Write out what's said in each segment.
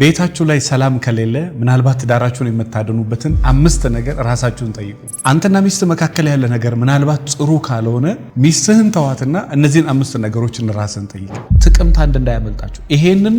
ቤታችሁ ላይ ሰላም ከሌለ ምናልባት ትዳራችሁን የምታድኑበትን አምስት ነገር ራሳችሁን ጠይቁ። አንተና ሚስት መካከል ያለ ነገር ምናልባት ጥሩ ካልሆነ ሚስትህን ተዋትና እነዚህን አምስት ነገሮችን ራስን ጠይቅ። ጥቅምት አንድ እንዳያመልጣችሁ ይሄንን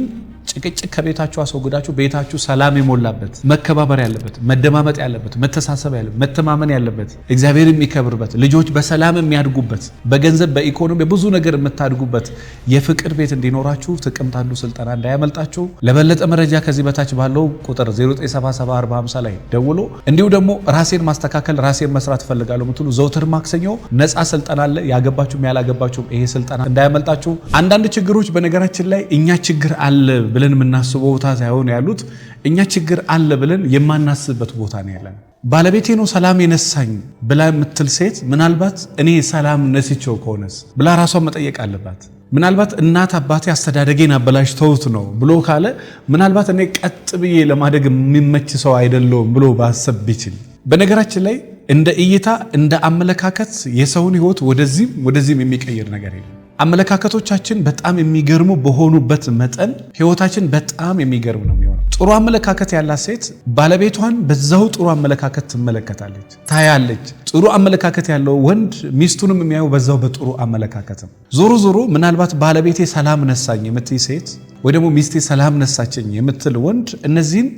ጭቅጭቅ ከቤታችሁ አስወግዳችሁ ቤታችሁ ሰላም የሞላበት መከባበር ያለበት መደማመጥ ያለበት መተሳሰብ ያለበት መተማመን ያለበት እግዚአብሔር የሚከብርበት ልጆች በሰላም የሚያድጉበት በገንዘብ በኢኮኖሚ ብዙ ነገር የምታድጉበት የፍቅር ቤት እንዲኖራችሁ ጥቅምት አንዱ ስልጠና እንዳያመልጣችሁ። ለበለጠ መረጃ ከዚህ በታች ባለው ቁጥር 097745 ላይ ደውሎ እንዲሁ ደግሞ ራሴን ማስተካከል ራሴን መስራት ፈልጋለ የምትሉ ዘውትር ማክሰኞ ነፃ ስልጠና አለ። ያገባችሁም ያላገባችሁም ይሄ ስልጠና እንዳያመልጣችሁ። አንዳንድ ችግሮች በነገራችን ላይ እኛ ችግር አለ ብለን የምናስበው ቦታ ሳይሆን ያሉት እኛ ችግር አለ ብለን የማናስብበት ቦታ ነው ያለን። ባለቤቴ ነው ሰላም የነሳኝ ብላ የምትል ሴት ምናልባት እኔ ሰላም ነስቸው ከሆነስ ብላ ራሷን መጠየቅ አለባት። ምናልባት እናት አባቴ አስተዳደጌን አበላሽተውት ነው ብሎ ካለ ምናልባት እኔ ቀጥ ብዬ ለማደግ የሚመች ሰው አይደለውም ብሎ ባሰብ ቢችል በነገራችን ላይ እንደ እይታ እንደ አመለካከት የሰውን ሕይወት ወደዚህም ወደዚህም የሚቀይር ነገር የለም። አመለካከቶቻችን በጣም የሚገርሙ በሆኑበት መጠን ህይወታችን በጣም የሚገርም ነው የሚሆነው። ጥሩ አመለካከት ያላት ሴት ባለቤቷን በዛው ጥሩ አመለካከት ትመለከታለች፣ ታያለች። ጥሩ አመለካከት ያለው ወንድ ሚስቱንም የሚያየው በዛው በጥሩ አመለካከትም። ዞሮ ዞሮ ምናልባት ባለቤቴ ሰላም ነሳኝ የምትይ ሴት ወይ ደግሞ ሚስቴ ሰላም ነሳችኝ የምትል ወንድ እነዚህን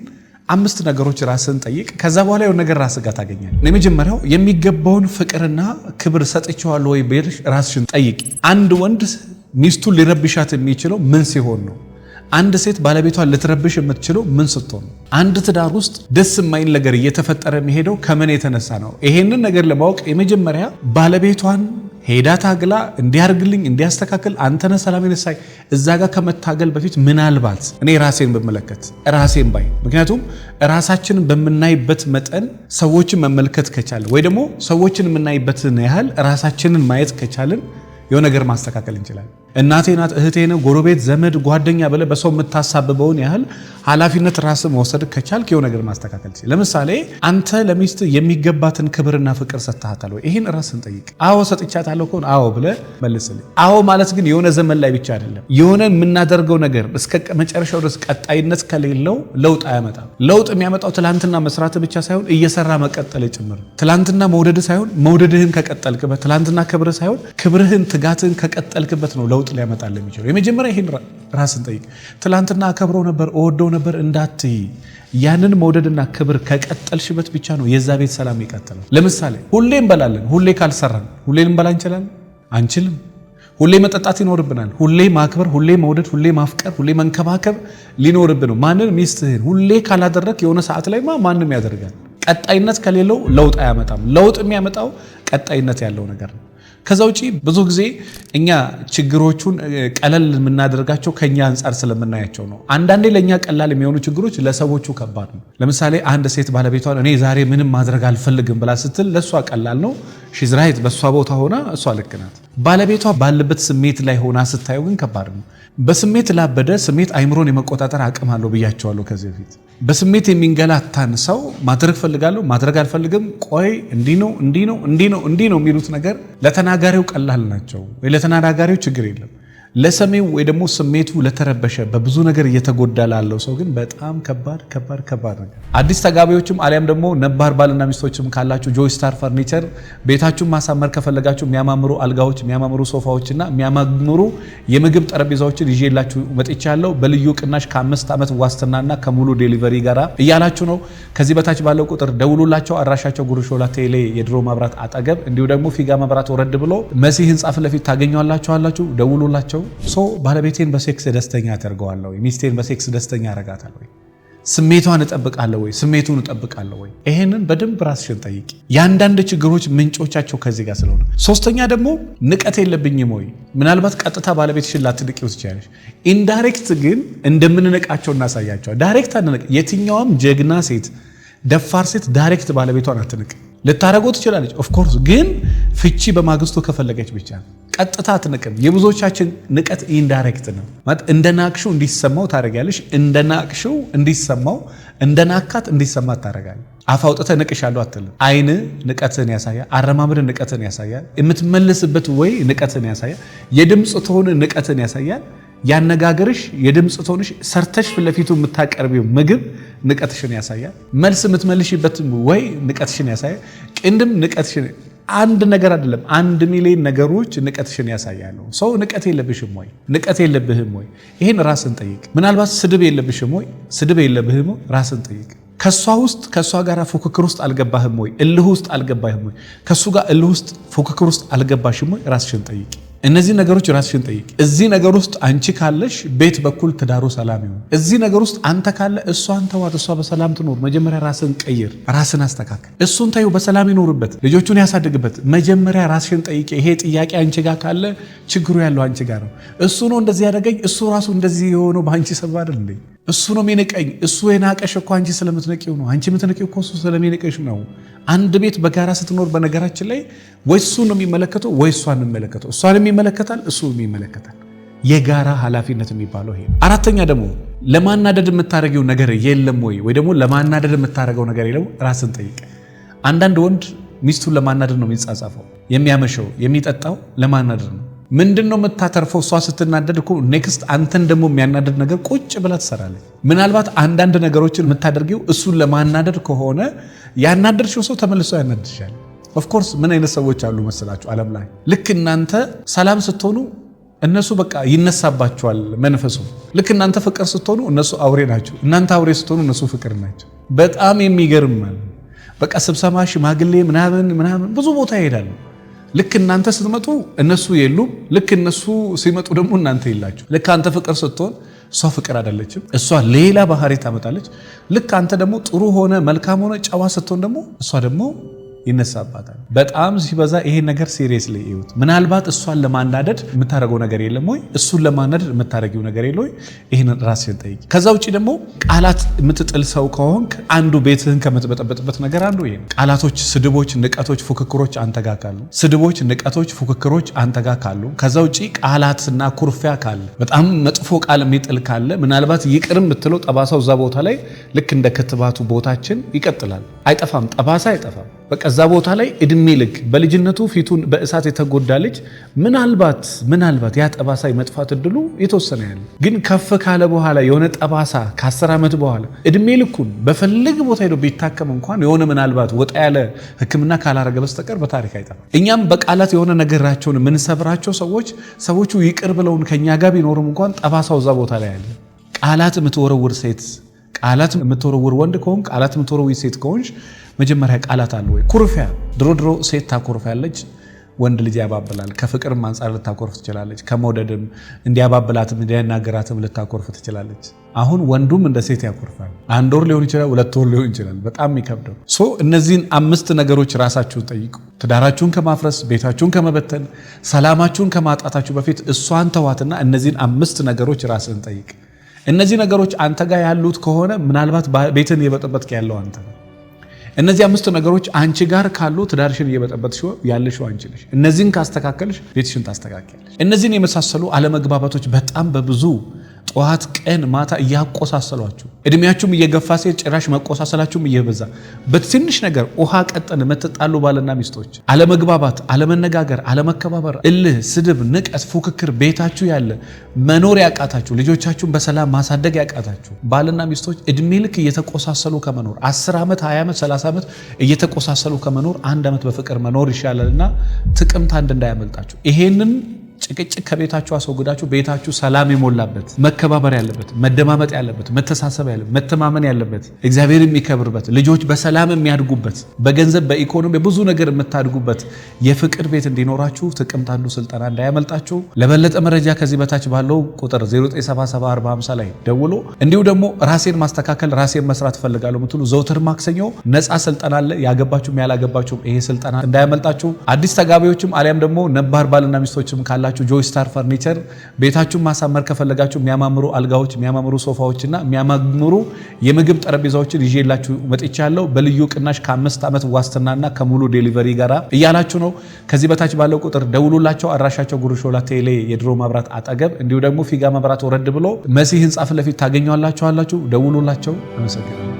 አምስት ነገሮች ራስን ጠይቅ። ከዛ በኋላ የሆነ ነገር ራስ ጋር ታገኛል። የመጀመሪያው የሚገባውን ፍቅርና ክብር ሰጥቼዋለሁ ወይ ብለሽ ራስሽን ጠይቅ። አንድ ወንድ ሚስቱን ሊረብሻት የሚችለው ምን ሲሆን ነው? አንድ ሴት ባለቤቷን ልትረብሽ የምትችለው ምን ስትሆን ነው? አንድ ትዳር ውስጥ ደስ የማይል ነገር እየተፈጠረ የሚሄደው ከምን የተነሳ ነው? ይሄንን ነገር ለማወቅ የመጀመሪያ ባለቤቷን ሄዳ ታግላ እንዲያርግልኝ እንዲያስተካክል አንተነ ሰላም ነሳይ እዛ ጋር ከመታገል በፊት ምናልባት እኔ ራሴን ብመለከት ራሴን ባይ ምክንያቱም ራሳችንን በምናይበት መጠን ሰዎችን መመልከት ከቻለን ወይ ደግሞ ሰዎችን የምናይበትን ያህል ራሳችንን ማየት ከቻልን የሆነ ነገር ማስተካከል እንችላለን። እናቴ ናት፣ እህቴ ነው፣ ጎረቤት፣ ዘመድ፣ ጓደኛ ብለህ በሰው የምታሳብበውን ያህል ኃላፊነት ራስ መውሰድ ከቻልክ የሆነ ነገር ማስተካከል ትችላለህ። ለምሳሌ አንተ ለሚስት የሚገባትን ክብርና ፍቅር ሰጥተሃታል ወይ? ይህን ራስን ጠይቅ። አዎ ሰጥቻታለሁ ከሆነ አዎ ብለህ መልስልኝ። አዎ ማለት ግን የሆነ ዘመን ላይ ብቻ አይደለም። የሆነ የምናደርገው ነገር እስከ መጨረሻው ድረስ ቀጣይነት ከሌለው ለውጥ አያመጣም። ለውጥ የሚያመጣው ትላንትና መስራት ብቻ ሳይሆን እየሰራ መቀጠል ጭምር። ትላንትና መውደድ ሳይሆን መውደድህን ከቀጠልክበት፣ ትላንትና ክብር ሳይሆን ክብርህን ትጋትህን ከቀጠልክበት ነው ለውጥ ሊያመጣ ለሚችለው የመጀመሪያ ይሄን ራስን ጠይቅ። ትላንትና አከብረው ነበር እወደው ነበር እንዳትይ። ያንን መውደድና ክብር ከቀጠልሽበት ብቻ ነው የዛ ቤት ሰላም ይቀጥላል። ለምሳሌ ሁሌ እንበላለን። ሁሌ ካልሰራን ሁሌ ልንበላ እንችላለን አንችልም። ሁሌ መጠጣት ይኖርብናል። ሁሌ ማክበር፣ ሁሌ መውደድ፣ ሁሌ ማፍቀር፣ ሁሌ መንከባከብ ሊኖርብን ነው። ማንን? ሚስትህን። ሁሌ ካላደረግ የሆነ ሰዓት ላይ ማንም ያደርጋል። ቀጣይነት ከሌለው ለውጥ አያመጣም። ለውጥ የሚያመጣው ቀጣይነት ያለው ነገር ነው። ከዛ ውጪ ብዙ ጊዜ እኛ ችግሮቹን ቀለል የምናደርጋቸው ከኛ አንጻር ስለምናያቸው ነው። አንዳንዴ ለእኛ ቀላል የሚሆኑ ችግሮች ለሰዎቹ ከባድ ነው። ለምሳሌ አንድ ሴት ባለቤቷን እኔ ዛሬ ምንም ማድረግ አልፈልግም ብላ ስትል ለእሷ ቀላል ነው። ሽዝራይት በእሷ ቦታ ሆና እሷ ልክ ናት። ባለቤቷ ባለበት ስሜት ላይ ሆና ስታየው ግን ከባድ ነው። በስሜት ላበደ ስሜት አይምሮን የመቆጣጠር አቅም አለው ብያቸዋለሁ ከዚህ በፊት በስሜት የሚንገላታን ሰው ማድረግ ፈልጋለሁ ማድረግ አልፈልግም፣ ቆይ እንዲህ ነው እንዲህ ነው እንዲህ ነው እንዲህ ነው የሚሉት ነገር ለተናጋሪው ቀላል ናቸው ወይ ለተናጋሪው ችግር የለም። ለሰሜው ወይ ደግሞ ስሜቱ ለተረበሸ በብዙ ነገር እየተጎዳ ላለው ሰው ግን በጣም ከባድ ከባድ ከባድ ነገር። አዲስ ተጋቢዎችም አሊያም ደግሞ ነባር ባልና ሚስቶችም ካላችሁ ጆይ ስታር ፈርኒቸር ቤታችሁን ማሳመር ከፈለጋችሁ የሚያማምሩ አልጋዎች፣ የሚያማምሩ ሶፋዎችና የሚያማምሩ የምግብ ጠረጴዛዎችን ይዤላችሁ መጥቻለሁ በልዩ ቅናሽ ከአምስት ዓመት ዋስትናና ከሙሉ ዴሊቨሪ ጋራ እያላችሁ ነው። ከዚህ በታች ባለው ቁጥር ደውሉላቸው። አድራሻቸው ጉርሾላ ቴሌ የድሮ መብራት አጠገብ እንዲሁ ደግሞ ፊጋ መብራት ወረድ ብሎ መሲህ ህንፃ ፊት ለፊት ታገኘዋላችኋላችሁ። ደውሉላቸው። አለው ሶ ባለቤቴን በሴክስ ደስተኛ አደርገዋለሁ ወይ? ሚስቴን በሴክስ ደስተኛ አደርጋታለሁ ወይ? ስሜቷን እጠብቃለሁ ወይ? ስሜቱን እጠብቃለሁ ወይ? ይህንን በደንብ ራስሽን ጠይቂ። የአንዳንድ ችግሮች ምንጮቻቸው ከዚህ ጋር ስለሆነ፣ ሶስተኛ ደግሞ ንቀት የለብኝም ወይ? ምናልባት ቀጥታ ባለቤትሽን ላትንቂው ትችላለች። ኢንዳይሬክት ግን እንደምንነቃቸው እናሳያቸዋል። ዳይሬክት አንነቅ የትኛውም ጀግና ሴት፣ ደፋር ሴት ዳይሬክት ባለቤቷን አትንቅ። ልታደረጎ ትችላለች ኦፍኮርስ፣ ግን ፍቺ በማግስቱ ከፈለገች ብቻ ነው። ቀጥታ አትንቅም። የብዙዎቻችን ንቀት ኢንዳይሬክት ነው። እንደ ናቅሹ እንዲሰማው ታደርጊያለሽ። እንደ ናቅሹ እንዲሰማው እንደ ናካት እንዲሰማ ታደርጋለሽ። አፍ አውጥተህ ንቅሻለሁ አትልም። አይን ንቀትን ያሳያል። አረማምድ ንቀትን ያሳያል። የምትመለስበት ወይ ንቀትን ያሳያል። የድምፅ ትሆን ንቀትን ያሳያል። ያነጋገርሽ የድምፅ ትሆንሽ ሰርተሽ ፍለፊቱ የምታቀርቢው ምግብ ንቀትሽን ያሳያል። መልስ የምትመልሽበት ወይ ንቀትሽን ያሳያል። ቅንድም ንቀትሽን አንድ ነገር አይደለም፣ አንድ ሚሊዮን ነገሮች ንቀትሽን ያሳያሉ። ሰው ንቀት የለብሽም ወይ? ንቀት የለብህም ወይ? ይህን ራስን ጠይቅ። ምናልባት ስድብ የለብሽም ወይ? ስድብ የለብህም? ራስን ጠይቅ። ከእሷ ውስጥ ከእሷ ጋር ፉክክር ውስጥ አልገባህም ወይ? እልህ ውስጥ አልገባህም ወይ? ከእሱ ጋር እልህ ውስጥ ፉክክር ውስጥ አልገባሽም ወይ? ራስሽን ጠይቅ። እነዚህ ነገሮች ራስሽን ጠይቅ። እዚህ ነገር ውስጥ አንቺ ካለሽ ቤት በኩል ትዳሩ ሰላም ይሆን። እዚህ ነገር ውስጥ አንተ ካለ እሷን ተዋት፣ እሷ በሰላም ትኖር። መጀመሪያ ራስን ቀይር፣ ራስን አስተካከል። እሱን ታዩ፣ በሰላም ይኖርበት፣ ልጆቹን ያሳድግበት። መጀመሪያ ራስሽን ጠይቅ። ይሄ ጥያቄ አንቺ ጋር ካለ ችግሩ ያለው አንቺ ጋር ነው። እሱ ነው እንደዚህ ያደረገኝ፣ እሱ ራሱ እንደዚህ የሆነው በአንቺ ሰበብ አይደል እንዴ? እሱ ነው የሚንቀኝ። እሱ የናቀሽ እኮ አንቺ ስለምትነቂው ነው። አንቺ የምትነቂው እኮ እሱ ስለሚንቀሽ ነው። አንድ ቤት በጋራ ስትኖር፣ በነገራችን ላይ ወይ እሱ ነው የሚመለከተው ወይ እሷ ነው የሚመለከተው ይመለከታል፣ እሱም ይመለከታል። የጋራ ኃላፊነት የሚባለው ይሄ አራተኛ ደግሞ ለማናደድ የምታደርገው ነገር የለም ወይ ወይ ደግሞ ለማናደድ የምታደረገው ነገር የለም፣ ራስን ጠይቅ። አንዳንድ ወንድ ሚስቱን ለማናደድ ነው የሚጻጻፈው፣ የሚያመሸው፣ የሚጠጣው ለማናደድ ነው። ምንድን ነው የምታተርፈው? እሷ ስትናደድ እኮ ኔክስት አንተን ደግሞ የሚያናደድ ነገር ቁጭ ብላ ትሰራለች። ምናልባት አንዳንድ ነገሮችን የምታደርጊው እሱን ለማናደድ ከሆነ ያናደድሽው ሰው ተመልሶ ያናድሻል። ኦፍኮርስ ምን አይነት ሰዎች አሉ መሰላችሁ? ዓለም ላይ ልክ እናንተ ሰላም ስትሆኑ እነሱ በቃ ይነሳባቸዋል መንፈሱ። ልክ እናንተ ፍቅር ስትሆኑ እነሱ አውሬ ናቸው፣ እናንተ አውሬ ስትሆኑ እነሱ ፍቅር ናቸው። በጣም የሚገርም በቃ ስብሰባ፣ ሽማግሌ ምናምን ምናምን ብዙ ቦታ ይሄዳሉ። ልክ እናንተ ስትመጡ እነሱ የሉም። ልክ እነሱ ሲመጡ ደግሞ እናንተ የላቸው። ልክ አንተ ፍቅር ስትሆን እሷ ፍቅር አይደለችም፣ እሷ ሌላ ባህሪ ታመጣለች። ልክ አንተ ደግሞ ጥሩ ሆነ መልካም ሆነ ጨዋ ስትሆን ደግሞ እሷ ደግሞ ይነሳባታል። በጣም ሲበዛ ይሄን ነገር ሲሪየስሊ ላይ ምናልባት እሷን ለማናደድ የምታደርገው ነገር የለም ወይ? እሱን ለማናደድ የምታደርጊው ነገር የለ ወይ? ይህን ራስን ጠይቅ። ከዛ ውጭ ደግሞ ቃላት የምትጥል ሰው ከሆንክ አንዱ ቤትህን ከምትበጠበጥበት ነገር አንዱ ይሄ ቃላቶች፣ ስድቦች፣ ንቀቶች፣ ፉክክሮች አንተጋ ካሉ፣ ስድቦች፣ ንቀቶች፣ ፉክክሮች አንተጋ ካሉ፣ ከዛ ውጭ ቃላትና ኩርፊያ ካለ፣ በጣም መጥፎ ቃል የሚጥል ካለ ምናልባት ይቅርም የምትለው ጠባሳው እዛ ቦታ ላይ ልክ እንደ ክትባቱ ቦታችን ይቀጥላል። አይጠፋም፣ ጠባሳ አይጠፋም። በቃ እዛ ቦታ ላይ የሚልክ በልጅነቱ ፊቱን በእሳት የተጎዳ ልጅ ምናልባት ምናልባት ያ ጠባሳ መጥፋት እድሉ የተወሰነ ያለ፣ ግን ከፍ ካለ በኋላ የሆነ ጠባሳ ከአስር ዓመት በኋላ እድሜ ልኩን በፈለገ ቦታ ሄዶ ቢታከም እንኳን የሆነ ምናልባት ወጣ ያለ ሕክምና ካላረገ በስተቀር በታሪክ አይጠፋም። እኛም በቃላት የሆነ ነገራቸውን የምንሰብራቸው ሰዎች ሰዎቹ ይቅር ብለውን ከእኛ ጋር ቢኖርም እንኳን ጠባሳው እዛ ቦታ ላይ ያለ። ቃላት የምትወረውር ሴት ቃላት የምትወረውር ወንድ ከሆን ቃላት የምትወረውር ሴት ከሆንሽ መጀመሪያ ቃላት አለ ወይ? ኩርፊያ ድሮ ድሮ ሴት ታኮርፋለች፣ ወንድ ልጅ ያባብላል። ከፍቅርም አንጻር ልታኮርፍ ትችላለች። ከመውደድም እንዲያባብላትም እንዲያናገራትም ልታኮርፍ ትችላለች። አሁን ወንዱም እንደ ሴት ያኮርፋል። አንድ ወር ሊሆን ይችላል፣ ሁለት ወር ሊሆን ይችላል። በጣም የሚከብደው ሶ እነዚህን አምስት ነገሮች ራሳችሁን ጠይቁ። ትዳራችሁን ከማፍረስ፣ ቤታችሁን ከመበተን፣ ሰላማችሁን ከማጣታችሁ በፊት እሷን ተዋትና እነዚህን አምስት ነገሮች ራስን ጠይቅ። እነዚህ ነገሮች አንተ ጋር ያሉት ከሆነ ምናልባት ቤትን የበጠበጥክ ያለው አንተ ነው። እነዚህ አምስት ነገሮች አንቺ ጋር ካሉ ትዳርሽን እየበጠበት ሲሆን ያለሽው አንቺ ነሽ። እነዚህን ካስተካከልሽ ቤትሽን ታስተካክያለሽ። እነዚህን የመሳሰሉ አለመግባባቶች በጣም በብዙ ጠዋት፣ ቀን፣ ማታ እያቆሳሰሏችሁ እድሜያችሁም እየገፋ ሴት ጭራሽ መቆሳሰላችሁም እየበዛ በትንሽ ነገር ውሃ ቀጠን የምትጣሉ ባልና ሚስቶች፣ አለመግባባት፣ አለመነጋገር፣ አለመከባበር፣ እልህ፣ ስድብ፣ ንቀት፣ ፉክክር ቤታችሁ ያለ መኖር ያቃታችሁ፣ ልጆቻችሁን በሰላም ማሳደግ ያቃታችሁ ባልና ሚስቶች እድሜ ልክ እየተቆሳሰሉ ከመኖር 10 ዓመት፣ 20 ዓመት፣ 30 ዓመት እየተቆሳሰሉ ከመኖር አንድ ዓመት በፍቅር መኖር ይሻላልና ጥቅምት አንድ እንዳያመልጣችሁ ይሄንን ጭቅጭቅ ከቤታችሁ አስወግዳችሁ ቤታችሁ ሰላም የሞላበት መከባበር ያለበት መደማመጥ ያለበት መተሳሰብ ያለበት መተማመን ያለበት እግዚአብሔር የሚከብርበት ልጆች በሰላም የሚያድጉበት በገንዘብ በኢኮኖሚ ብዙ ነገር የምታድጉበት የፍቅር ቤት እንዲኖራችሁ ጥቅምት አንዱ ስልጠና እንዳያመልጣችሁ። ለበለጠ መረጃ ከዚህ በታች ባለው ቁጥር 097450 ላይ ደውሎ እንዲሁ ደግሞ ራሴን ማስተካከል ራሴን መስራት እፈልጋለሁ የምትሉ ዘውትር ማክሰኞ ነፃ ስልጠና አለ። ያገባችሁም ያላገባችሁም ይሄ ስልጠና እንዳያመልጣችሁ። አዲስ ተጋቢዎችም አሊያም ደግሞ ነባር ባልና ሚስቶችም ካላ ካላችሁ ጆይ ስታር ፈርኒቸር ቤታችሁን ማሳመር ከፈለጋችሁ የሚያማምሩ አልጋዎች፣ የሚያማምሩ ሶፋዎችና የሚያማምሩ የምግብ ጠረጴዛዎችን ይዤላችሁ መጥቻለሁ። በልዩ ቅናሽ ከአምስት ዓመት ዋስትናና ከሙሉ ዴሊቨሪ ጋር እያላችሁ ነው። ከዚህ በታች ባለው ቁጥር ደውሉላቸው። አድራሻቸው ጉርሾላ ቴሌ የድሮ መብራት አጠገብ፣ እንዲሁ ደግሞ ፊጋ መብራት ወረድ ብሎ መሲህ ህንፃ ፊት ለፊት ደውሉላቸው። አመሰግናለሁ።